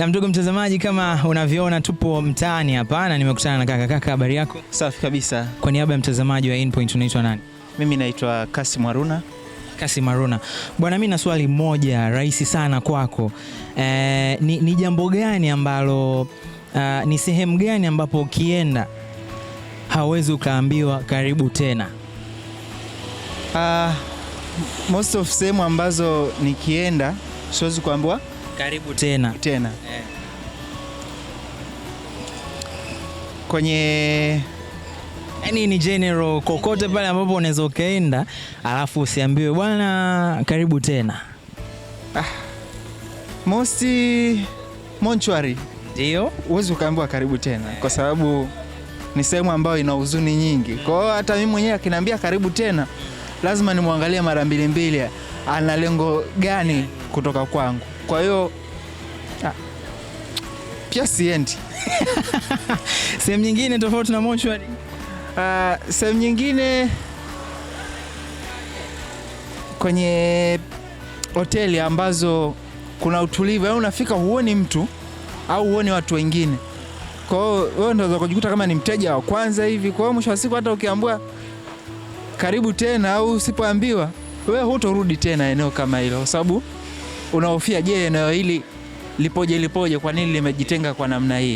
Na mdogo mtazamaji, kama unavyoona tupo mtaani hapa na nimekutana na kaka. Kaka, habari yako? Safi kabisa. Kwa niaba ya mtazamaji wa InPoint unaitwa nani? Mimi naitwa Kasim Haruna. Kasim Haruna. Bwana, mimi na swali moja rahisi sana kwako. E, ni, ni jambo gani ambalo uh, ni sehemu gani ambapo ukienda hauwezi ukaambiwa karibu tena? Uh, most of sehemu ambazo nikienda siwezi kuambiwa karibu tena tena Kwenye yani ni general kokote pale ambapo unaweza ukaenda, alafu usiambiwe bwana karibu tena ah. Mosti monchwari ndio huwezi ukaambiwa karibu tena kwa sababu ni sehemu ambayo ina huzuni nyingi. Kwa hiyo hata mimi mwenyewe akiniambia karibu tena, lazima nimwangalie mara mbili mbili, ana lengo gani kutoka kwangu. Kwa hiyo Ah. Pia siendi sehemu nyingine tofauti na mochwari. Uh, sehemu nyingine kwenye hoteli ambazo kuna utulivu, yaani unafika huoni mtu au huoni watu wengine, kwa hiyo wewe unaweza kujikuta kama ni mteja wa kwanza hivi. Kwa hiyo mwisho wa siku hata ukiambiwa karibu tena au usipoambiwa, wewe hutorudi tena eneo kama hilo, kwa sababu unahofia, je, eneo hili lipoje lipoje, kwa nini limejitenga kwa namna hii?